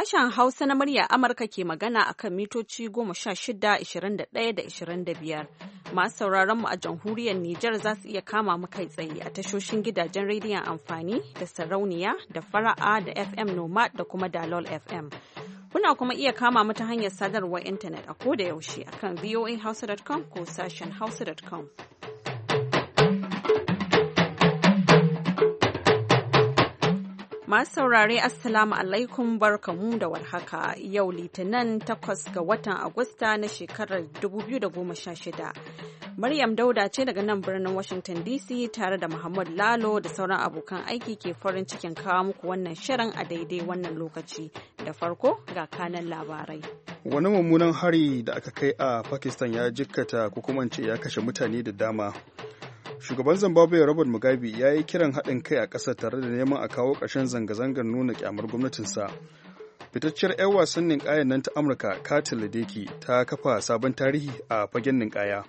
Sashen Hausa na murya Amurka ke magana a kan mitoci 16, 21 da 25. Masu sauraron mu a jamhuriyar Nijar za su iya kama mu kai tsaye a tashoshin gidajen rediyon amfani da sarauniya da fara'a da FM Nomad da kuma Dalol FM. Kuna kuma iya kama mu ta hanyar sadarwar intanet a koda yaushe akan voahausa.com ko sashen hausa.com. Masu saurare Assalamu alaikum barkamu da warhaka yau litinin takwas ga watan Agusta na shekarar 2016. Maryam Dauda ce daga nan birnin Washington DC tare da Muhammad Lalo da sauran abokan aiki ke farin cikin kawo muku wannan shirin a daidai wannan lokaci. Da farko ga kanan labarai. Wani mummunan hari da aka kai a Pakistan ya jikkata ko ya kashe mutane da dama. shugaban zimbabwe robert mugabe ya yi kiran haɗin kai a ƙasa tare da neman a kawo ƙarshen zanga-zangar nuna ƙyamar gwamnatinsa fitacciyar 'yan wasan ninƙayan nan ta amurka katin ladeki ta kafa sabon tarihi a fagen ninƙaya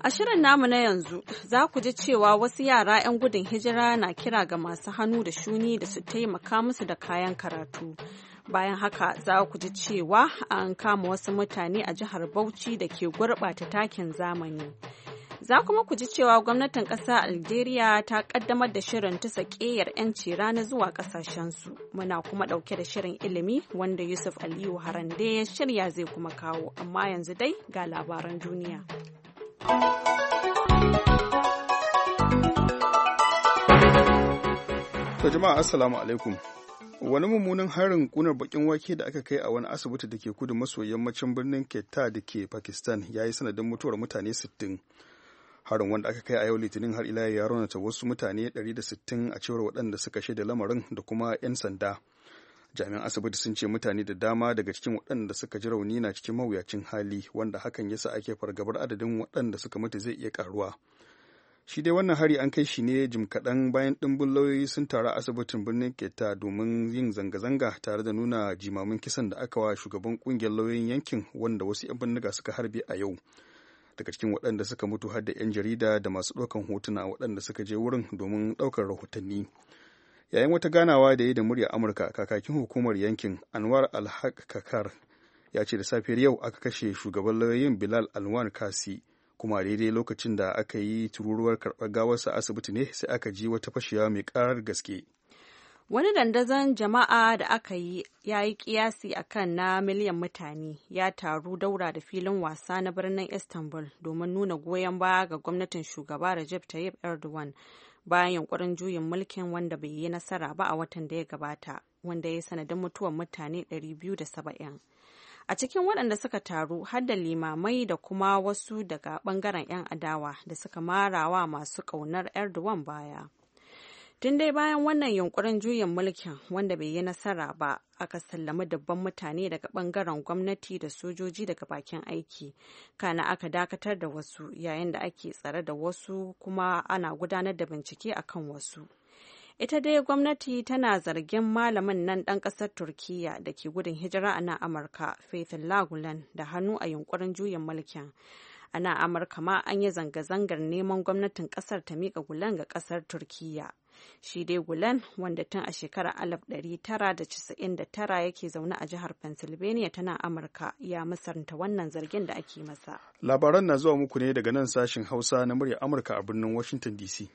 A shirin namu na yanzu za ku ji cewa wasu yara 'yan gudun hijira na kira ga masu hannu da shuni da su taimaka musu da kayan karatu. Bayan haka za ku ji cewa an kama wasu mutane a jihar Bauchi da ke gurɓata takin zamani. Za kuma ku ji cewa gwamnatin ƙasa Algeria ta ƙaddamar da shirin ta ƙeyar 'yanci rana zuwa ƙasashensu. Muna kuma ɗauke da shirin ilimi wanda Yusuf Aliyu Harande ya shirya zai kuma kawo, amma yanzu dai ga labaran duniya. To jama'a assalamu alaikum. Wani mummunan harin kunar bakin wake da aka kai a wani asibiti da ke kudu maso yammacin birnin Ketta da ke Pakistan ya yi sanadin mutuwar mutane sittin. harin wanda aka kai a yau litinin har ila ya raunata wasu mutane 160 a cewar waɗanda suka shaida lamarin da kuma 'yan sanda jami'an asibiti sun ce mutane da dama daga cikin waɗanda suka ji rauni na cikin mawuyacin hali wanda hakan ya sa ake fargabar adadin waɗanda suka mutu zai iya karuwa shi dai wannan hari an kai shi ne jim kaɗan bayan ɗimbin lauyoyi sun taru asibitin birnin keta domin yin zanga-zanga tare da nuna jimamin kisan da aka wa shugaban ƙungiyar lauyoyin yankin wanda wasu 'yan bindiga suka harbe a yau daga cikin waɗanda suka mutu har da 'yan jarida da masu ɗaukan hotuna waɗanda suka je wurin domin ɗaukar rahotanni yayin wata ganawa da ya da murya amurka kakakin hukumar yankin anwar alhaq kakar ya ce da safiyar yau aka kashe shugaban lauyoyin bilal alwan kasi kuma daidai lokacin da aka yi tururuwar karɓar gawarsa asibiti ne sai aka ji wata fashewa mai ƙarar gaske Wani dandazon jama'a da aka yi ya yi kiyasi a kan na miliyan mutane ya taru daura da filin wasa na birnin Istanbul domin nuna goyon baya ga gwamnatin shugaba Recep Tayyip Erdogan bayan yunkurin juyin mulkin wanda bai yi nasara ba a watan da ya gabata wanda ya sanadin mutuwar mutane 270. a cikin waɗanda suka taru har da limamai da kuma wasu daga ɓangaren 'yan adawa da suka marawa masu ƙaunar erdogan baya Tun dai bayan wannan yunkurin juyin mulkin wanda bai yi nasara ba aka sallami dubban mutane daga bangaren gwamnati da sojoji daga bakin aiki kana aka dakatar da wasu yayin da ake tsare da wasu kuma ana gudanar da bincike a kan wasu. ita dai gwamnati tana zargin malamin nan ɗan ƙasar turkiya da ke gudun hijira a nan amurka faithin lagulan da hannu a yunkurin juyin mulkin a nan amurka ma an yi zanga-zangar neman gwamnatin kasar ta miƙa gulen ga kasar turkiya shi dai gulen wanda tun a shekarar 1999 yake zaune a jihar pennsylvania tana amurka ya musanta wannan zargin da ake masa labaran na zuwa muku ne daga nan sashen hausa na murya amurka a birnin washington dc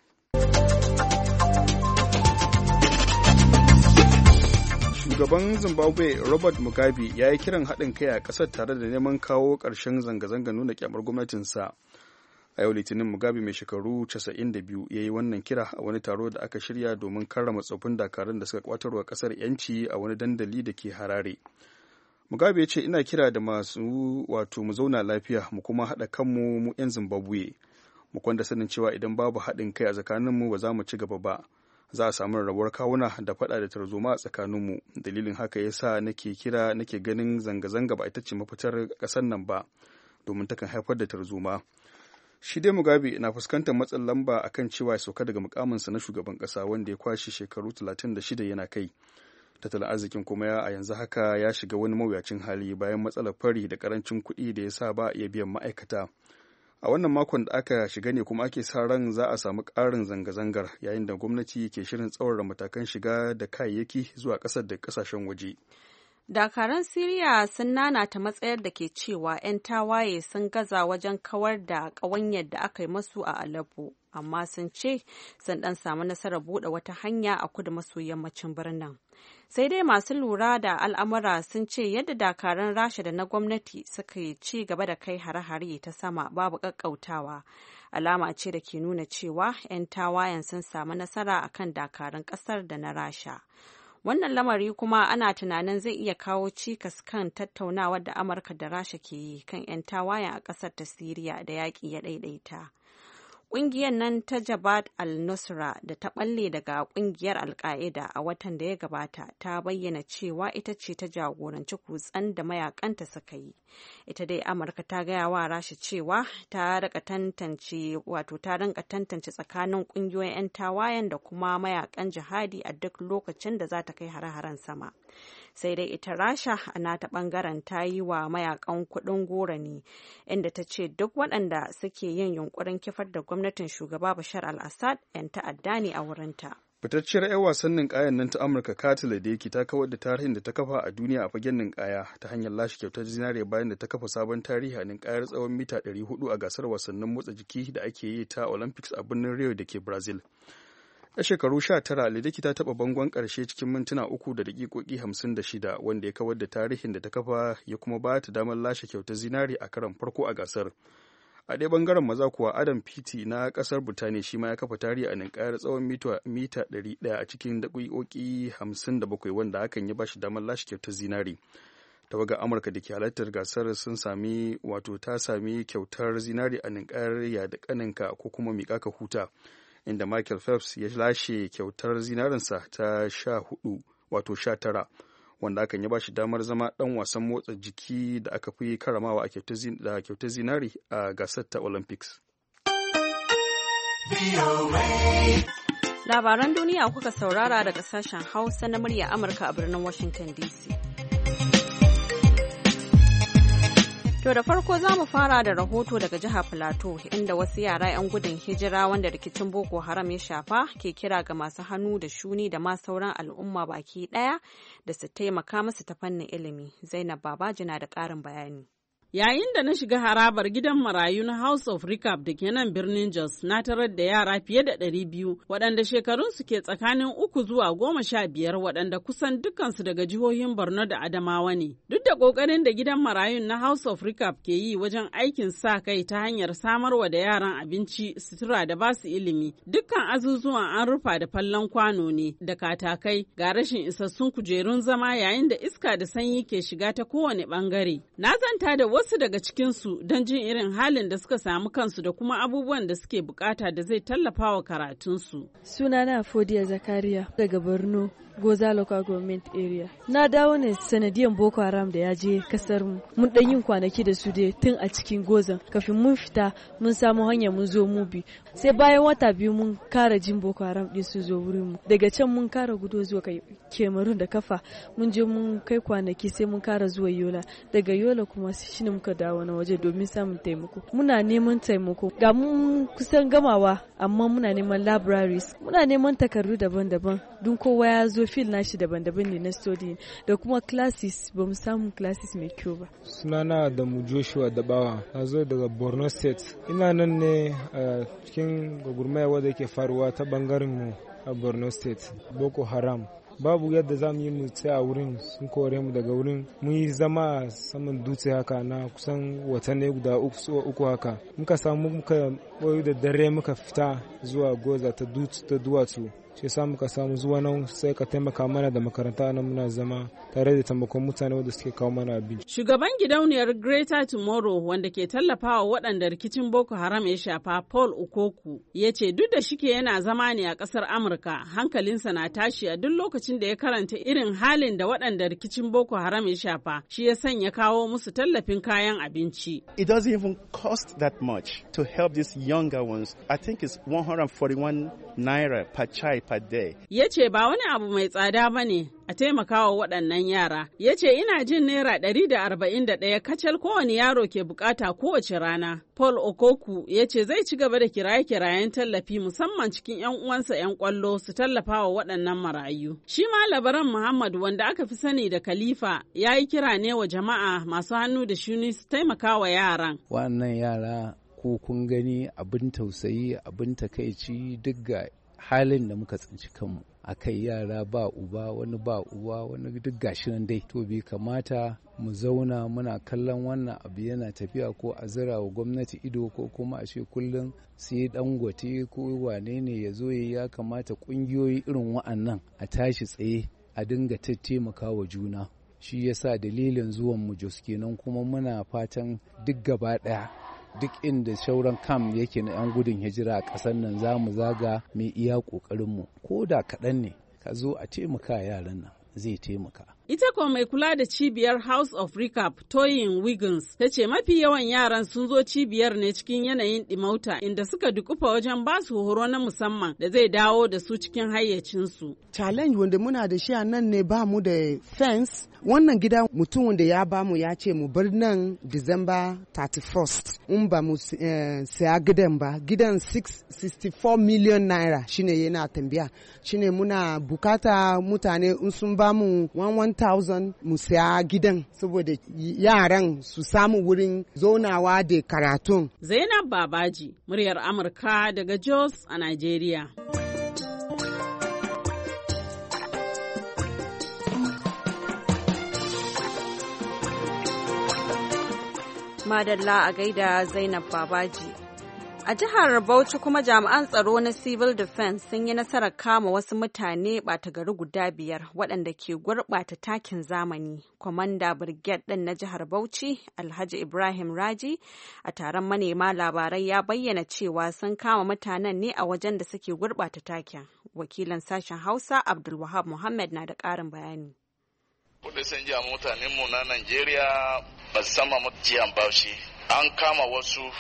shugaban zimbabwe robert mugabe ya yi kiran haɗin kai a ƙasar tare da neman kawo ƙarshen zanga-zanga nuna kyamar gwamnatinsa a yau litinin mugabe mai shekaru 92 ya yi wannan kira a wani taro da aka shirya domin karrama tsofin dakarun da suka kwatarwa ƙasar yanci a wani dandali da ke harare mugabe ya ce ina kira da masu wato mu zauna lafiya mu kuma haɗa kanmu mu 'yan zimbabwe mu kwanda sanin cewa idan babu haɗin kai a tsakaninmu ba za mu ci gaba ba za a samu rarrabuwar kawuna da faɗa da tarzoma a tsakaninmu dalilin haka ya sa nake kira nake ganin zanga-zanga ba ita ce mafitar ƙasar nan ba domin takan haifar da tarzoma shi dai mugabe na fuskantar matsin lamba akan cewa ya sauka daga mukaminsa na shugaban ƙasa wanda ya kwashe shekaru 36 yana kai tattalin arzikin kuma ya a yanzu haka ya shiga wani mawuyacin hali bayan matsalar fari da karancin kuɗi da ya sa ba iya biyan ma'aikata a wannan makon da aka shiga ne kuma ake sa ran za a samu ƙarin zanga-zangar yayin da gwamnati ke shirin tsawara matakan shiga da kayayyaki zuwa ƙasar da ƙasashen waje dakaran siriya sun nanata matsayar da ke cewa 'yan tawaye sun gaza wajen kawar da ƙawanyar da aka yi masu a aleppo amma sun ce sun dan samu nasarar buɗe wata hanya a kudu maso yammacin birnin. Sai dai masu lura da al'amura sun ce yadda dakarun Rasha da na gwamnati suka yi ci gaba da kai hare-hare ta sama babu ƙaƙƙautawa. Alama ce da ke nuna cewa 'yan tawayen sun samu nasara a kan dakarun ƙasar da na Rasha. wannan lamari kuma ana tunanin zai iya kawo cikas kan tattaunawar da amurka da rasha ke yi kan 'yan tawayen a ƙasar ta siriya da yaƙi ya ɗaiɗaita Ƙungiyar nan ta Jabhat al-Nusra da ta ɓalle daga ƙungiyar al a watan da ya gabata ta bayyana cewa ita ce ta jagoranci kutsan da mayakanta suka yi. Ita dai Amurka ta gaya wa Rasha cewa ta rika tantance wato ta rinka tantance tsakanin ƙungiyoyin 'yan tawayen da kuma mayakan jihadi a duk lokacin da za ta kai hare-haren sama. sai dai ita rasha a nata bangaren ta yi wa mayakan kudin gora ne inda ta ce duk waɗanda suke yin yunkurin kifar da gwamnatin shugaba bashar al-assad 'yan ta'adda ne a wurinta fitacciyar 'yan wasan kayan nan ta amurka katila da yake ta kawar da tarihin da ta kafa a duniya a fagen ninkaya ta hanyar lashe kyautar zinare bayan da ta kafa sabon tarihi a ninkayar tsawon mita 400 a gasar wasannin motsa jiki da ake yi ta olympics a birnin rio da ke brazil a shekaru 19 Lidiki ta taba bangon ƙarshe cikin mintuna uku da daƙiƙoƙi shida wanda ya kawar da tarihin da ta kafa ya kuma ba ta damar lashe kyautar zinari a karon farko a gasar. A ɗaya bangaren maza kuwa Adam Piti na ƙasar Burtaniya shi ma ya kafa tarihi a ninkayar tsawon mita 100 a cikin daƙiƙoƙi 57 wanda hakan ya ba shi damar lashe kyautar zinari. tawagar amurka da ke halartar gasar sun sami wato ta sami kyautar zinari a ninkayar ya da kaninka ko kuma miƙa ka huta inda michael phelps ya lashe kyautar zinarinsa ta sha hudu wato sha tara wanda hakan ya bashi damar zama dan wasan motsa jiki da aka fi karamawa a kyautar zinari a gasar ta olympics labaran duniya kuka saurara daga sashen hausa na murya amurka a birnin washington dc To da farko za mu fara da rahoto daga jihar Filato inda wasu yara 'yan gudun hijira wanda rikicin Boko Haram ya shafa ke kira ga masu hannu da shuni da ma sauran al'umma baki ɗaya da su taimaka musu ta fannin ilimi. Zainab Babaji na da ƙarin bayani. Yayin da na shiga harabar gidan marayu na House of Recap da ke nan birnin Jos na tarar da yara fiye da ɗari biyu waɗanda shekarunsu ke tsakanin uku zuwa goma sha biyar waɗanda kusan dukansu daga jihohin Borno da Adamawa ne. Duk da ƙoƙarin da gidan marayun na House of Recap ke yi wajen aikin sa kai ta hanyar samarwa da yaran abinci, sutura da basu ilimi, dukkan azuzuwan an rufa da fallon kwano ne da katakai ga rashin isassun kujerun zama yayin da iska da sanyi ke shiga ta kowane ɓangare. Na zanta da wasu daga cikinsu don jin irin halin da suka samu kansu da kuma abubuwan da suke bukata da zai tallafa wa karatunsu. Sunana Fodiya Zakariya daga Borno. Goza local government area. Na dawo ne sanadiyan Boko Haram da ya je kasar mu. Mun dan yin kwanaki da su dai tun a cikin Gozan kafin mun fita mun samu hanya mun zo mu bi. Sai bayan wata biyu mun kara jin Boko Haram din su zo wurin mu. Daga can mun kara gudo zuwa kai Kemarun da kafa mun je mun kai kwanaki sai mun kara zuwa Yola. Daga Yola kuma shine muka dawo na waje domin samun taimako. Muna neman taimako. Ga mun kusan gamawa amma muna neman libraries. Muna neman takardu daban-daban. Dun kowa ya zo zo na nashi daban-daban ne na study da kuma classes ba mu samu classes mai kyau ba sunana da mu joshua dabawa na zo daga borno state ina nan ne a cikin gwagwarmaya wadda ke faruwa ta bangaren mu a borno state boko haram babu yadda za mu yi mu a wurin sun kore mu daga wurin mun yi zama a saman dutse haka na kusan watanni guda uku haka muka samu muka boyu da dare muka fita zuwa goza ta duwatsu shi samu muka samu zuwa nan sai ka taimaka mana da makaranta nan muna zama tare da taimakon mutane wanda suke kawo mana abinci. Shugaban gidauniyar Greater Tomorrow wanda ke tallafawa waɗanda rikicin Boko Haram ya shafa Paul Ukoku ya ce duk da shike yana zama ne a ƙasar Amurka hankalinsa na tashi a duk lokacin da ya karanta irin halin da waɗanda rikicin Boko Haram ya shafa shi ya sanya kawo musu tallafin kayan abinci. It doesn't even cost that much to help these younger ones. I think it's 141 naira per chai per day. Ya ce ba wani abu mai tsada ba ne a taimakawa waɗannan yara. Ya ce ina jin naira ɗari da arba'in da ɗaya kacal kowane yaro ke bukata kowace rana. Paul Okoku ya ce zai ci gaba da kiraye-kirayen tallafi musamman cikin 'yan uwansa 'yan kwallo su tallafa wa waɗannan marayu. Shi ma labaran Muhammad wanda aka fi sani da Khalifa ya yi kira ne wa jama'a masu hannu da shuni su taimaka wa yaran. Wannan yara ko kun gani abin tausayi abin takaici duk ga halin da muka tsinci kanmu a kai yara ba uba wani ba uwa wani duk gashi nan dai to bai kamata mu zauna muna kallon wannan abu yana tafiya ko a zira wa gwamnati ido ko kuma a ce kullum sai dangote ko wane ne ya zo ya kamata kungiyoyi irin wa'annan a tashi tsaye a dinga taimaka wa juna shi yasa dalilin zuwan mu kenan kuma muna fatan duk gaba ɗaya duk inda shauran kam yake na 'yan gudun hijira a ƙasar nan za mu zaga mai iya ƙoƙarinmu ko da kaɗan ne ka zo a taimaka yaran nan zai taimaka Ita kuwa mai kula da cibiyar House of Recap Toyin Wiggins ta ce mafi yawan yaran sun zo cibiyar ne cikin yanayin dimauta inda suka dukufa wajen ba su horo na musamman da zai dawo da su cikin hayyacinsu. Challenge wanda muna da shi a nan ne ba mu da fence wannan gida mutum wanda ya ba mu ya ce mu bar nan December 31st in ba mu eh, saya gidan ba gidan 64 million naira shine yana tambaya shine muna bukata mutane in sun ba mu 1,000 mu saya gidan saboda yaran su samu wurin zonawa da karatun. Zainab Babaji, muryar Amurka daga Jos a Najeriya. Madalla a gaida Zainab Babaji. A jihar Bauchi kuma jami'an tsaro na Civil Defense sun yi nasarar kama wasu mutane ɓata gari guda biyar waɗanda ke gurɓata takin zamani. Kwamanda Brigade ɗin na jihar Bauchi, Alhaji Ibrahim Raji, a taron manema labarai ya bayyana cewa sun kama mutanen ne a wajen da suke gurɓata takin. Wakilan sashen Hausa Abdulwahab Muhammad na da ƙarin bayani. na Najeriya sama An kama wasu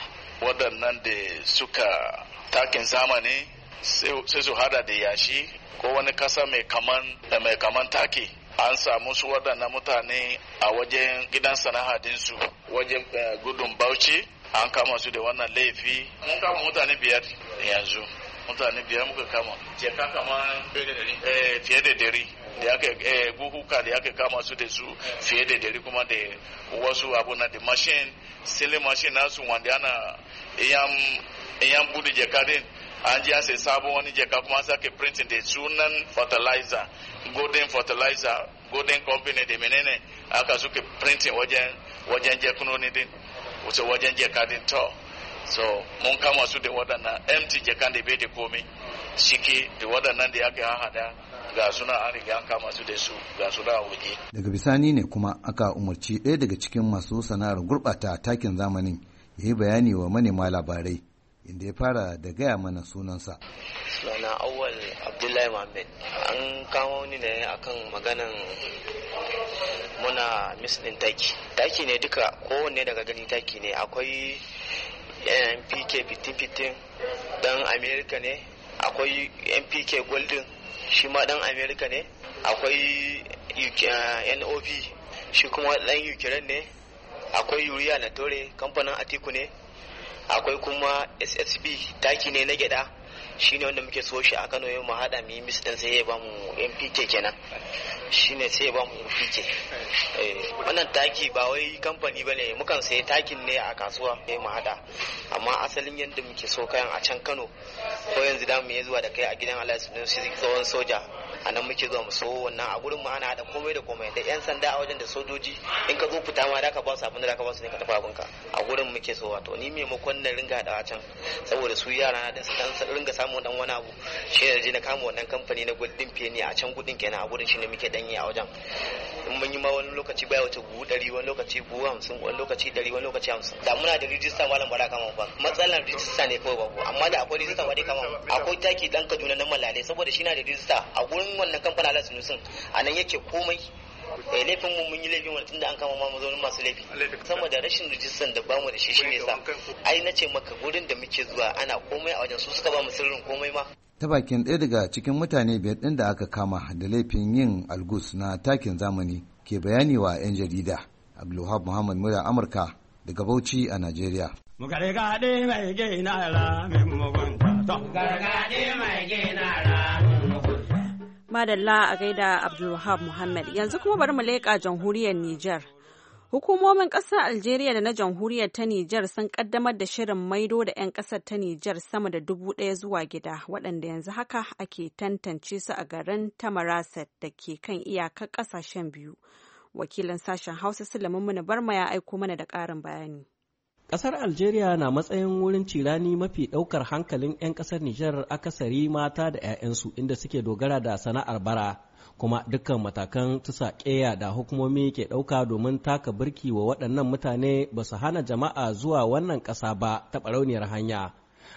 waɗannan da suka takin zamani sai su hada da yashi ko wani kasa mai kaman da mai kaman taki an samu su waɗannan mutane a wajen gidan sana'adinsu wajen eh, gudun bauchi an kama su da wannan laifi mun kama mutane biyar yanzu mutane biyar muka kama jeka kama fiye da dari eh, da aka eh, buhuka da aka kama su da su fiye da dari kuma da wasu abu da mashin silin mashin nasu wanda ana iyan budu jakadin an ji sai sabon wani jaka kuma ke printing da sunan fertilizer golden fertilizer golden company da menene aka suke printing wajen wajen jakunoni din wajen jaka din to so mun kama su da waɗannan empty jakan da bai da komi. cike da waɗannan da aka hada ga suna an riga an kama da su ga suna waje. Daga bisani ne kuma aka umarci ɗaya daga cikin masu sana'ar gurɓata takin zamanin ya yi bayani wa manema labarai inda ya fara da gaya mana sunansa. Suna awal Abdullahi Muhammad an kama ni ne akan maganan muna mislin taki. Taki ne duka kowanne daga gani taki ne akwai NPK eh, 15-15 dan Amerika ne akwai npk golden shi ma dan america ne akwai eh, nop shi kuma dan ukraine ne akwai yuriya na tore kamfanin atiku ne akwai kuma ssb taki ne na gyada shi ne wanda muke so shi a Kano yau mu hada mu yi miss din sai ya ba mu MPK kenan shi ne sai ya ba mu MPK eh, wannan taki ba wai kamfani ba ne mukan sayi takin ne a kasuwa sai mu amma asalin yadda muke so kayan a can Kano ko yanzu da mu yi zuwa da kai a gidan Alhaji Sunusi tsawon soja a nan muke zuwa mu so wannan a gurin mu ana hada komai da komai da yan sanda a wajen da sojoji in ka zo fita ma da ka ba su abin da ka ba su ne ka tafi abinka a gurin muke so wato ni maimakon na ringa hadawa can saboda su yara na din su ringa samun dan wani abu shi ne na kama wannan kamfani na gudin feni a can gudin kenan a gurin shi ne muke danyi a wajen in mun yi ma wani lokaci baya wata buhu ɗari wani lokaci buhu hamsin wani lokaci ɗari wani lokaci hamsin da muna da rijista malam bara kama ba matsalar rijista ne kawai babu amma da akwai rijista ba dai kama akwai taki dan kaduna na malale saboda shi na da rijista a gurin cikin wannan kamfanin ala sunusun a nan yake komai eh, laifin mu mun yi laifin wani tunda an kama ma mazaunin masu laifi sama da rashin rijistan da bamu da shi shi ne sa ai na ce maka gurin da muke zuwa ana komai a wajen su suka mu sirrin komai ma ta bakin ɗaya daga cikin mutane biyar ɗin da aka kama da laifin yin algus na takin zamani ke bayani wa 'yan jarida abdulwahab muhammad mura amurka daga bauchi a najeriya Gargaɗe mai gina mugunta. Gargaɗe Madalla a gaida Abdulwahab Muhammad. Yanzu kuma bari mu leƙa jamhuriyar Nijar. Hukumomin ƙasar Algeria da na jamhuriyar ta Nijar sun ƙaddamar da shirin maido da 'yan ƙasar ta Nijar sama da dubu ɗaya zuwa gida, waɗanda yanzu haka ake tantance su a garin Tamaraset da ke kan iyakar ƙasashen biyu. Wakilin sashen Hausa Sulaiman Muna Barma ya aiko mana da ƙarin bayani. Ƙasar Algeria na matsayin wurin cirani mafi ɗaukar hankalin 'yan ƙasar Nijar akasari mata da 'ya'yansu inda suke dogara da sana'ar bara, kuma dukkan matakan tusa ƙeya da hukumomi ke ɗauka domin taka birki wa waɗannan mutane ba su hana jama'a zuwa wannan ƙasa ba ta ɓarauniyar hanya.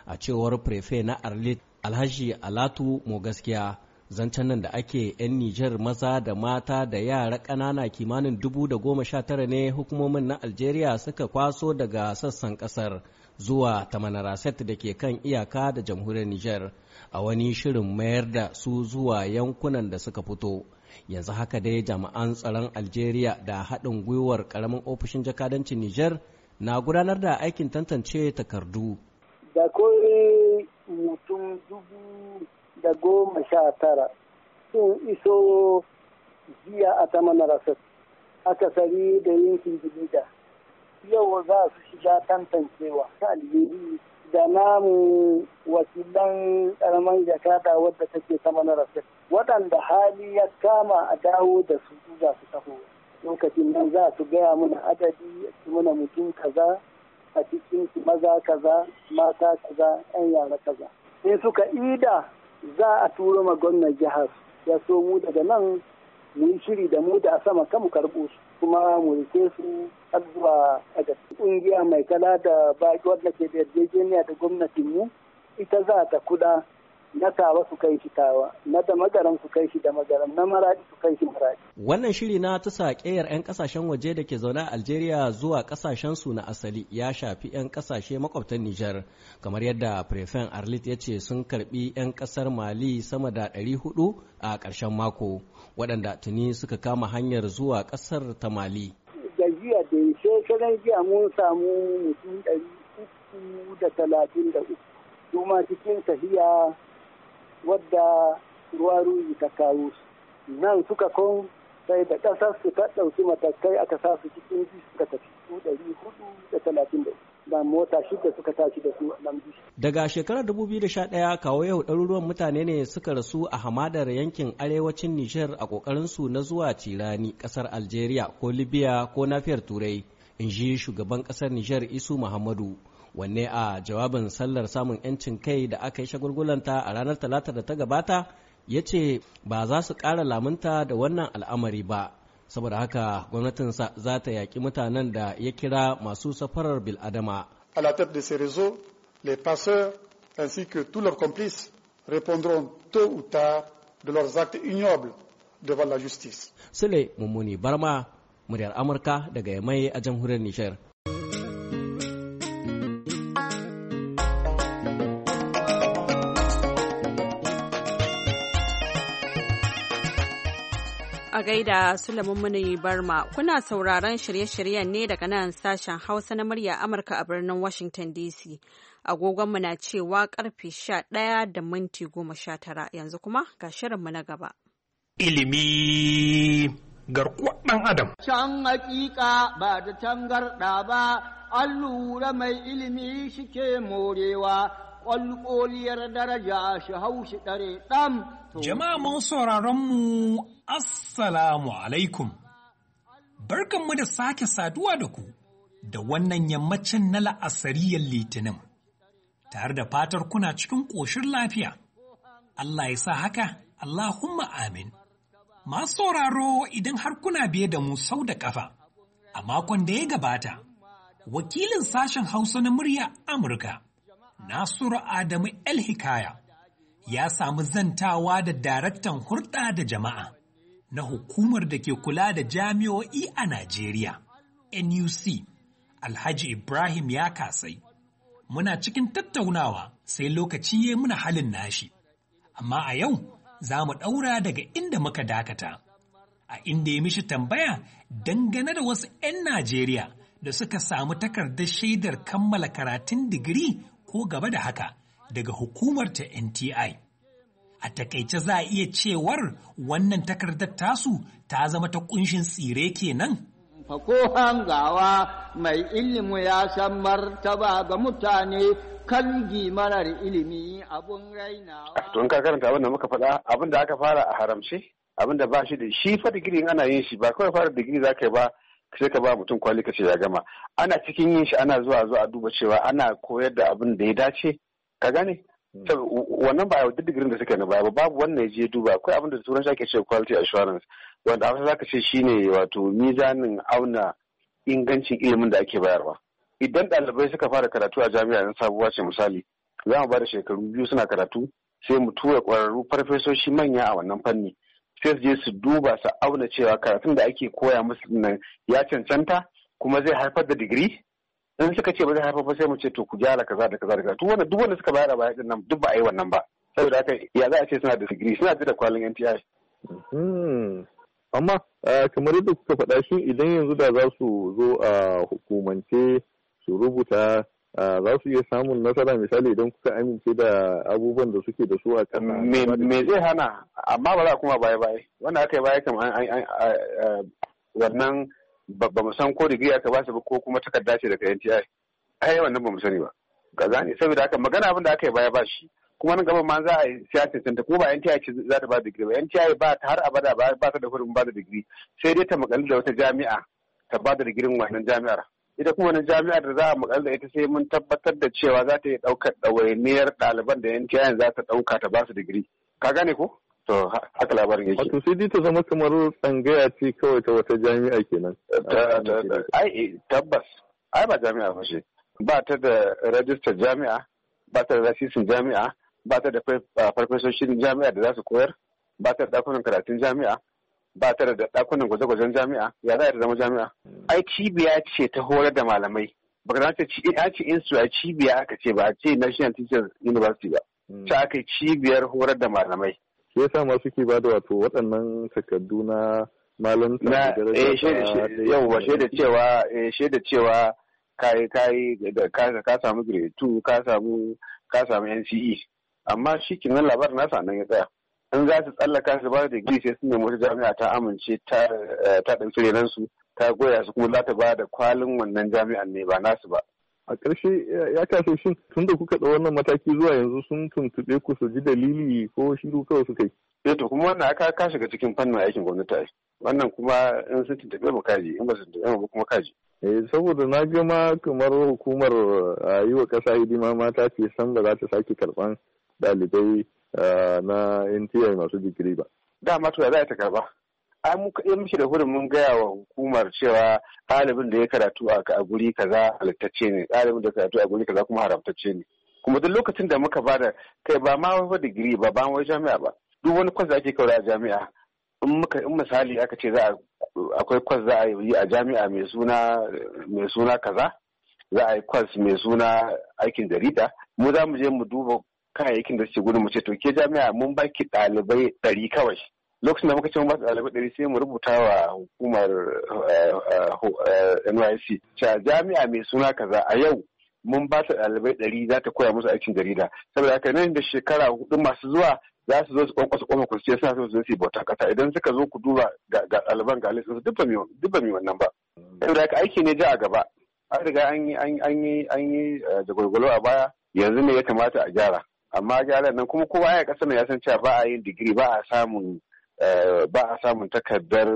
A cewar prefe na Arlit Alhaji Alatu Mogaskiya zancen nan da ake 'yan Nijar maza da mata da yara ƙanana kimanin dubu da goma sha tara ne hukumomin na Algeria suka kwaso daga sassan ƙasar zuwa Tamanaraset da ke kan iyaka da jamhuriyar Nijar a wani shirin mayar da su zuwa yankunan da suka fito. Yanzu haka dai jami'an tsaron Algeria da haɗin gwiwar ƙaramin ofishin jakadancin Nijar na gudanar da aikin tantance takardu. Da mutum dubu da goma sha tara sun iso jiya a ta manarasar akasari da yankin jimida yau za su shiga tantancewa ta alheri da namu wakilan karamar jakata wadda take ta manarasar waɗanda hali ya kama a dawo da su za su taho lokacin nan za su gaya mana adadi su mana mutum kaza a cikin maza kaza mata kaza 'yan yara kaza sai suka ida za a turo ma gwamnan jihar ya so mu daga nan mu yi shiri da mu da a sama kan mu karɓo su kuma mu rike su har zuwa a ƙungiya mai kala da baki wadda ke da yarjejeniya da gwamnatin mu ita za ta kuɗa na tawa su kai shi tawa na da magaran su kai shi da magaran na maraɗi su kai shi wannan shiri na ta saƙeyar 'yan kasashen waje da ke zaune a Algeria zuwa kasashen su na asali ya shafi 'yan kasashe makwabtan Nijar kamar yadda Prefen Arlit ya ce sun karbi 'yan kasar Mali sama da 400 a karshen mako waɗanda tuni suka kama hanyar zuwa kasar ta Mali gajiya da shekaran jiya mun samu mutum 333 kuma cikin tafiya. wadda ruwa ta kawo nan suka kon sai da ƙasar su ta ɗauki matakai aka sa su cikin ji suka tafi ɗari hudu da talatin da da mota shida suka tashi da su a lambi. Daga shekarar 2011 kawo yau ɗaruruwan mutane ne suka rasu a hamadar yankin arewacin Nijar a ƙoƙarin na zuwa tirani ƙasar Algeria ko Libya ko nafiyar Turai. In shugaban ƙasar Nijar Isu Muhammadu. wanne a jawabin sallar samun 'yancin kai da aka yi shagulgulanta a ranar talata da ta gabata ya ce ba za su ƙara lamunta da wannan al'amari ba saboda haka gwamnatin za ta yaƙi mutanen da ya kira masu safarar bil'adama. a la tête de ces réseaux les passeurs ainsi que tous leurs complices répondront tôt de leurs actes ignobles devant la justice. Sule Mummuni Barma, muryar Amurka daga Yamai a jamhuriyar Nijar. gaida Sulaiman Muni Barma. Kuna sauraron shirye-shiryen ne daga nan sashen Hausa na murya Amurka a birnin Washington DC. Agogonmu na cewa karfe 11 da minti 19 yanzu kuma ga shirinmu na gaba. Ilimi garkuwar ɗan Adam. Can hakika ba da tangarɗa ba, an lura mai ilimi shike morewa. kwalkoliyar daraja shi hau shi ɗare ɗam. Jama'a mun sauraron mu Assalamu alaikum, barkanmu da sake saduwa da ku da wannan yammacin na la'asariyar litinin, tare da fatar kuna cikin ƙoshin lafiya. Allah ya sa haka, Allahumma amin. Masu sauraro idan har kuna biye da mu sau da ƙafa, a makon da ya gabata, wakilin sashen Hausa na murya Amurka, Nasiru Adamu El Hikaya, ya samu zantawa da daraktan hurɗa da jama'a na hukumar da ke kula da jami'o'i a Najeriya, NUC, Alhaji Ibrahim ya kasai. Muna cikin tattaunawa sai lokaci ya muna halin nashi, amma a yau za mu ɗaura daga inda muka dakata. A inda ya mishi tambaya dangane da wasu 'yan Najeriya da suka samu takardar shaidar kammala karatun digiri ko gaba da haka daga hukumar ta NTI. A takaice za a iya cewar wannan takardar tasu ta zama ta kunshin tsire kenan. Fako hangawa mai ilimi ya san martaba ga mutane kan marar ilimi abun rainawa. To in ka karanta abin muka faɗa abin da aka fara a haramce abin da ba shi da shi fa digiri ana yin shi ba kawai fara digiri za ka yi ba sai ka ba mutum kwali ka ce ya gama ana cikin yin shi ana zuwa zuwa duba cewa ana koyar da abin da ya dace ka gane wannan ba a digirin da suke na baya ba babu wannan ya je duba akwai abin da turanci ake ce quality assurance wanda a ka ce shine wato mizanin auna ingancin ilimin da ake bayarwa idan ɗalibai suka fara karatu a jami'a na sabuwa ce misali za mu ba da shekaru biyu suna karatu sai mu tura ƙwararru farfesoshi manya a wannan fanni sai su je su duba su auna cewa karatun da ake koya musu nan ya cancanta kuma zai haifar da digiri in suka ce ba zai haifar ba sai mu ce to ku gyara kaza da kaza da kaza duk wanda duk wanda suka bayar a baya din nan duk ba a yi wannan ba saboda haka ya za a ce suna da digiri suna da kwalin NTI hmm. amma kamar yadda kuka faɗa shi idan yanzu da za su zo a hukumance su rubuta za su iya samun nasara misali idan kuka amince da abubuwan da suke da su a kan me zai hana amma ba za a kuma baya baya wannan aka yi baya kam wannan ba mu san ko digiri aka ba su ko kuma takarda ce daga NTI ai wannan ba mu sani ba kaza ne saboda haka magana abin da aka yi baya ba shi kuma nan gaban ma za a yi siyasa santa kuma ba NTI ce za ta ba digiri ba NTI ba ta har abada ba ba ta da hurumin ba da digiri sai dai ta makali da wata jami'a ta ba da digirin wannan jami'ar ita kuma wannan jami'ar da za a makali da ita sai mun tabbatar da cewa za ta yi daukar ɗawainiyar ɗaliban da NTI za ta ɗauka ta ba su digiri ka gane ko to haka labarin yake wato sai dai ta zama kamar tsangaya ce kawai ta wata jami'a kenan ai eh, tabbas ai ba jami'a ba ce ba ta da rajistar jami'a ba ta da rasisin jami'a ba ta da farfesoshin jami'a da za su koyar ba ta da dakunan karatun jami'a ba ta da dakunan gwaje-gwajen jami'a ya za ta zama jami'a hmm. ai cibiya ce ta horar da malamai ba ka ce a ce insu a cibiya aka ce ba a ce national teachers university ba ta hmm. aka cibiyar horar da malamai shi yasa ma suke ba da wato waɗannan takardu na malam na eh yauwa shaida cewa eh shaida cewa kai kai da ka samu grade 2 ka samu ka samu NCE amma shi kinan labarin nasa nan ya tsaya in za su tsallaka su ba da digiri sai sun nemi wata jami'a ta amince ta eh, ta ɗauki su ta goya su kuma za ta ba da kwalin wannan jami'an ne ba nasu ba a ƙarshe ya kaso shin tun da kuka ɗau wannan mataki zuwa yanzu sun tuntuɓe ku su ji dalili ko shiru kawai suka yi. Eh to kuma wannan aka ka shiga cikin fannin aikin gwamnati Wannan kuma in sun tuntuɓe mu kaji in ba su tuntuɓe mu kuma kaji. Eh saboda na ga ma kamar hukumar yi wa ƙasa hidima mata ce san ba za ta sake karɓan ɗalibai na NTI masu digiri ba. ma to ya za ta karɓa. ai mu kaɗai muke da hurumin gaya wa hukumar cewa ɗalibin da ya karatu a guri kaza halittacce ne ɗalibin da ya karatu a guri kaza kuma haramtacce ne kuma duk lokacin da muka bada kai ba ma wani digiri ba ba wai jami'a ba duk wani kwas da ake kawai a jami'a in muka in misali aka ce za a, akwai kwas za a yi a jami'a mai suna mai suna kaza za a yi kwas mai suna aikin jarida mu za mu je mu duba kayayyakin da suke gudun mu ce to ke jami'a mun baki ɗalibai ɗari kawai lokacin da muka ce mun ba su ɗari sai mu rubuta wa hukumar eh, eh, eh, NYC cewa jami'a mai suna kaza a yau mun ba ta ɗalibai ɗari za ta koya musu aikin jarida saboda haka nan da shekara hudu masu zuwa za su zo su kwankwasa kwanwa ku ce sa su zo su bauta kasa idan suka zo ku duba ga ɗaliban ga alisun duk ba mai wannan ba saboda haka aiki ne ja a gaba an riga an yi an yi an yi jagwalgwalo a baya yanzu ne ya kamata a gyara amma gyaran nan kuma kowa ya ƙasa ya san cewa ba a yin digiri ba a samun Eh, ba a samun takardar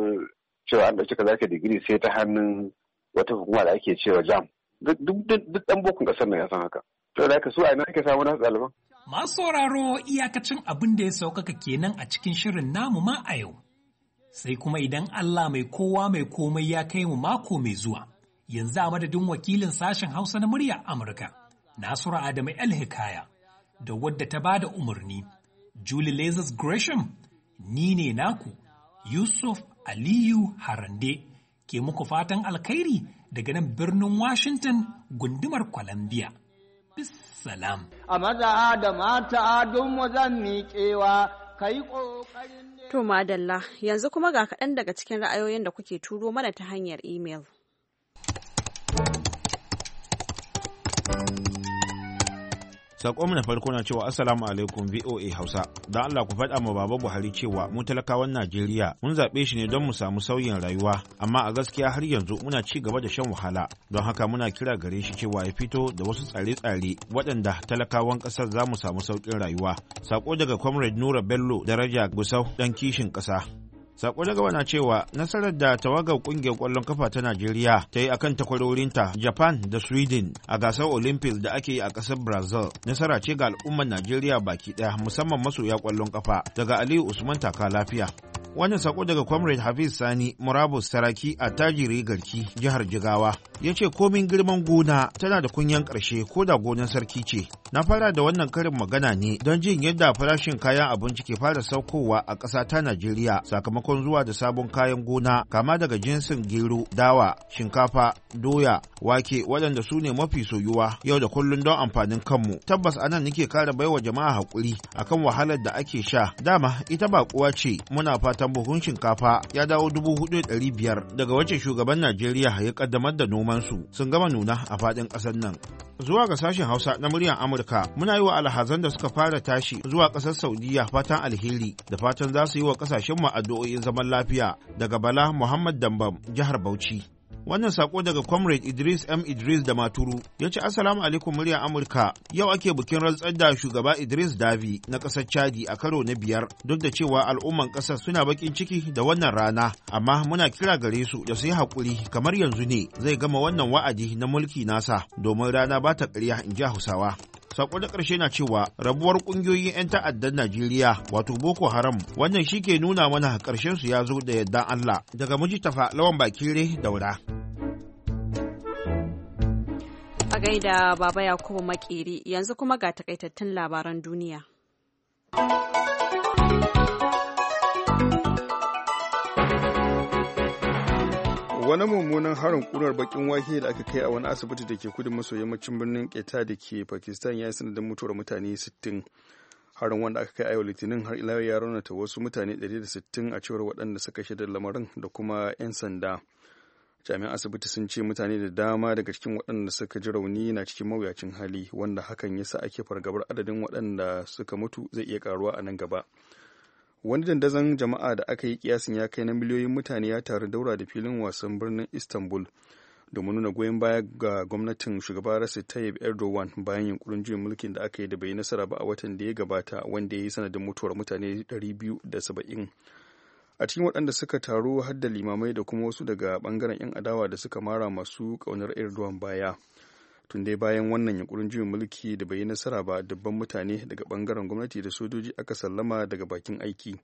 cewa an ɗauki kaza digiri sai ta hannun wata hukuma da ake cewa jam duk ɗan bokun ƙasar nan ya san haka to da su a ina ake samu nasu ɗaliban. masu sauraro iyakacin abin da ya saukaka kenan a cikin shirin namu ma a yau sai kuma idan Allah mai kowa mai komai ya kai mu mako mai zuwa yanzu a madadin wakilin sashen hausa na murya amurka nasiru adamu el hikaya da wadda ta ba da umarni julie lazarus gresham ni ne naku Yusuf Aliyu Harande ke muku fatan alkhairi daga nan birnin Washington gundumar Columbia. Bissalam. A maza da mata don zan miƙewa kai ƙoƙarin To madalla yanzu kuma ga kaɗan daga cikin ra'ayoyin da kuke turo mana ta hanyar imel. sakon na farko na cewa Assalamu alaikum VOA Hausa. Don Allah ku faɗa ma Baba Buhari cewa mu talakawan Najeriya mun zaɓe shi ne don mu samu sauyin rayuwa, amma a gaskiya har yanzu muna ci gaba da shan wahala. Don haka muna kira gare shi cewa ya fito da wasu tsare-tsare waɗanda talakawan ƙasar za mu samu sauƙin rayuwa. Sako daga Comrade Nura Bello daraja Gusau ɗan kishin ƙasa. Sako na gaba na cewa nasarar da tawagar kungiyar kwallon kafa ta Najeriya ta yi akan takwarorinta Japan da Sweden a gasar Olympics da ake yi a ƙasar Brazil. Nasara ce ga al'ummar Najeriya baki ɗaya musamman masoya kwallon kafa daga Aliyu Usman Taka lafiya. Wannan sako daga Comrade Hafiz Sani Murabus Saraki a tajiri garki jihar Jigawa ya ce komin girman gona tana da kunyan ƙarshe ko da gonan sarki ce. Na fara da wannan karin magana ne don jin yadda farashin kayan abinci ke fara saukowa a ƙasa ta Najeriya sakamakon zuwa da sabon kayan gona kama daga jinsin gero, dawa, shinkafa, doya, wake waɗanda su ne mafi soyuwa yau da kullum don amfanin kanmu. Tabbas anan nake kara baiwa jama'a haƙuri akan wahalar da ake sha. Dama ita ba ce muna fata ma'aikatan buhun shinkafa ya dawo dubu hudu ɗari biyar daga wacce shugaban Najeriya ya kaddamar da nomansu sun gama nuna a faɗin ƙasar nan. Zuwa ga sashen Hausa na muryar Amurka muna yi wa alhazan da suka fara tashi zuwa ƙasar Saudiya fatan alheri da fatan za su yi wa ƙasashen mu addu'o'in zaman lafiya daga Bala Muhammad Dambam jihar Bauchi. Wannan sako daga Comrade Idris M. Idris da Maturu ya ce Assalamu alaikum murya Amurka yau ake bikin rantsar da shugaba Idris Davi na ƙasar Chadi a karo na biyar duk da cewa al'umman ƙasar suna baƙin ciki da wannan rana amma muna kira gare su da su yi haƙuri kamar yanzu ne zai gama wannan wa'adi na mulki nasa domin rana ba ta ƙarya in ji Hausawa. sako na ƙarshe na cewa rabuwar ƙungiyoyin 'yan ta'addan najeriya wato boko haram wannan shi ke nuna mana ƙarshen su ya zo da yadda allah daga tafa lawan bakire daura a gaida baba yakubu makeri yanzu kuma ga takaitattun labaran duniya wani mummunan harin kurar bakin wake da aka kai a wani asibiti da ke kudu maso yammacin birnin keta da ke pakistan ya yi sanadin mutuwar mutane 60 harin wanda aka kai a yau litinin har ila ya raunata wasu mutane 160 a cewar waɗanda suka shaidar lamarin da kuma 'yan sanda jami'an asibiti sun ce mutane da dama daga cikin waɗanda suka ji rauni na cikin mawuyacin hali wanda hakan yasa ake fargabar adadin waɗanda suka mutu zai iya karuwa a nan gaba wani dandazon jama'a da aka yi kiyasin ya kai na miliyoyin mutane ya taru daura da filin wasan birnin istanbul domin nuna goyon baya ga gwamnatin shugaba Recep Tayyip Erdogan bayan yunkurin juyin mulkin da aka yi da bai nasara ba a watan da ya gabata wanda ya yi sanadin mutuwar mutane 270. A cikin waɗanda suka taru har da limamai da kuma wasu daga ɓangaren 'yan adawa da suka mara masu ƙaunar Erdogan baya. tun dai bayan wannan yunkurin juyin mulki da bai yi nasara ba dubban mutane daga bangaren gwamnati da sojoji aka sallama daga bakin aiki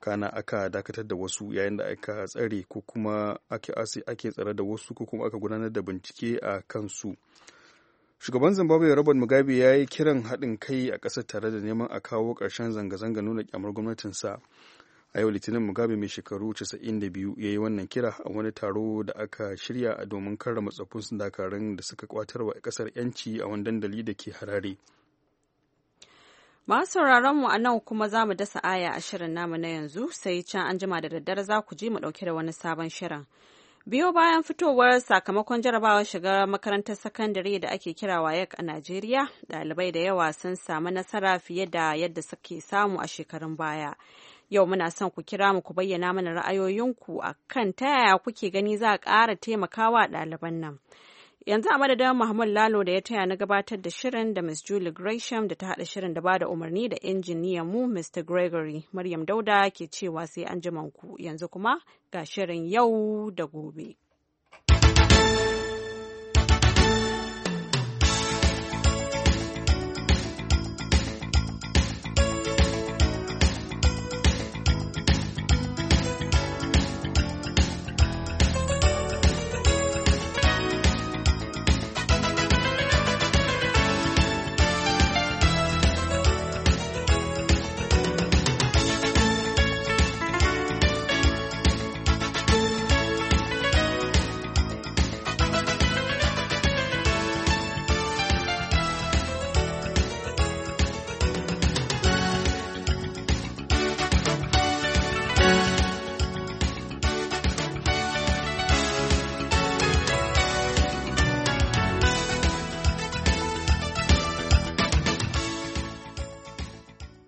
kana aka dakatar da wasu yayin da aka tsare ko kuma ake ake tsare da wasu ko kuma aka gudanar da bincike a kansu shugaban zimbabwe robert mugabe ya yi kiran haɗin kai a ƙasa tare da neman a kawo ƙarshen zanga-zanga nuna kyamar gwamnatinsa a yau litinin mugabe mai shekaru 92 ya yi wannan kira a wani taro da aka shirya a domin karrama tsoffin dakarun da suka kwatarwa kasar yanci a wani dandali da ke harare Masu sauraron mu a nan kuma za mu dasa aya a shirin namu na yanzu sai can an jima da daddare za ku ji mu ɗauki da wani sabon shirin. Biyo bayan fitowar sakamakon jarabawar shiga makarantar sakandare da ake kira yak a Najeriya, ɗalibai da yawa sun samu nasara fiye da yadda suke samu a shekarun baya. Yau muna son ku kira mu ku bayyana mana ra'ayoyinku a kan ta yaya kuke gani za a ƙara taimakawa ɗaliban nan. Yanzu a madadin mahmud Lalo da ya taya na gabatar da shirin da Miss Julie Gresham da ta haɗa shirin da ba da umarni da injiniyan mu Mr. Gregory. Maryam Dauda ke cewa sai an ku yanzu kuma ga shirin yau da gobe.